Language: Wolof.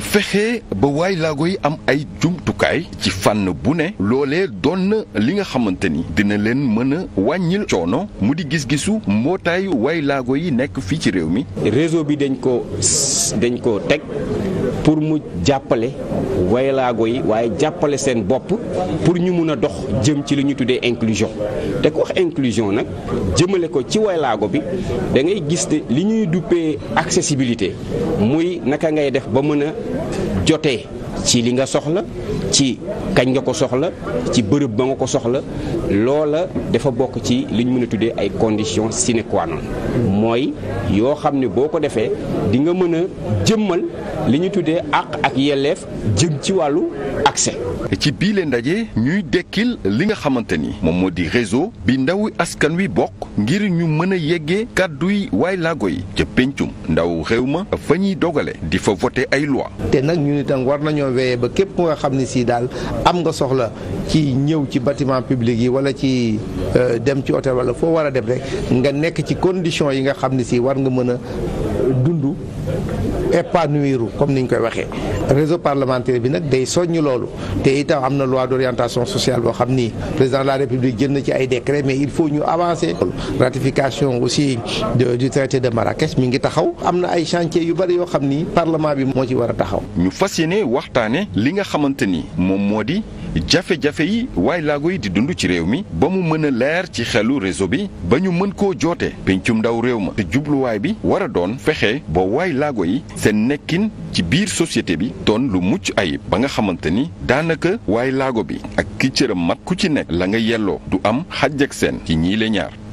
fexe ba waay laago yi am ay jumtukaay ci fànn bu ne loolee doon na li nga xamante ni dina leen mën a wàññil coono mu di gis-gisu mbootaayu waay laago yi nekk fii ci réew mi. réseau bi dañ ko dañ ko teg pour mu jàppale waay yi waaye jàppale seen bopp pour ñu mun a dox jëm ci li ñu tuddee inclusion te ku wax inclusion nag jëmale ko ci waylaago bi da ngay gis ne li ñuy duppee accessibilité muy naka ngay def ba mën a jotee ci li nga soxla ci kañ nga ko soxla ci bërëb ba nga ko soxla loola dafa bokk ci li ñu mën a tuddee ay conditions sine mooy yoo xam ne boo ko defee dinga nga mën a jëmmal li ñu tuddee àq ak yelleef jëm ci wàllu accès. ci biile ndaje ñuy dekkil li nga xamante ni moom moo di réseau bi ndawi askan wi bokk ngir ñu mën a yeggee kàdduy waay laago yi ca péncum ndaw réew ma fa ñuy dogale di fa voté ay loi dana ba képp ku nga xam ne sii daal am nga soxla ci ñëw ci batiment public yi wala ci euh, dem ci hôtel wala foo war a dem rek nga nekk ci condition yi nga xam ne si war nga mën a dund épanouiru comme niñ koy waxee réseau parlementaire bi nag day soññ loolu te itam am na loi d'orientation sociale boo xam ni président de la république na ci ay décret mais il faut ñu avancer. ratification aussi du traité de Marrakech mi ngi taxaw am na ay chantier yu bëri yoo xam ni parlement bi moo ci war a taxaw. ñu fas yéene waxtaane li nga xamante ni moom moo di jafe-jafe yi waaye laago yi di dund ci réew mi ba mu mën a leer ci xelu réseau bi ba ñu mën koo joote pincum ndaw réew ma jubluwaay bi war a doon fexe ba waay laago yi seen nekkin. ci biir société bi doon lu mucc ayib ba nga xamante ni daanaka waaye laago bi ak ki cëram mat ku ci nekk la nga yelloo du am xàjj ak seen ci ñii le ñaar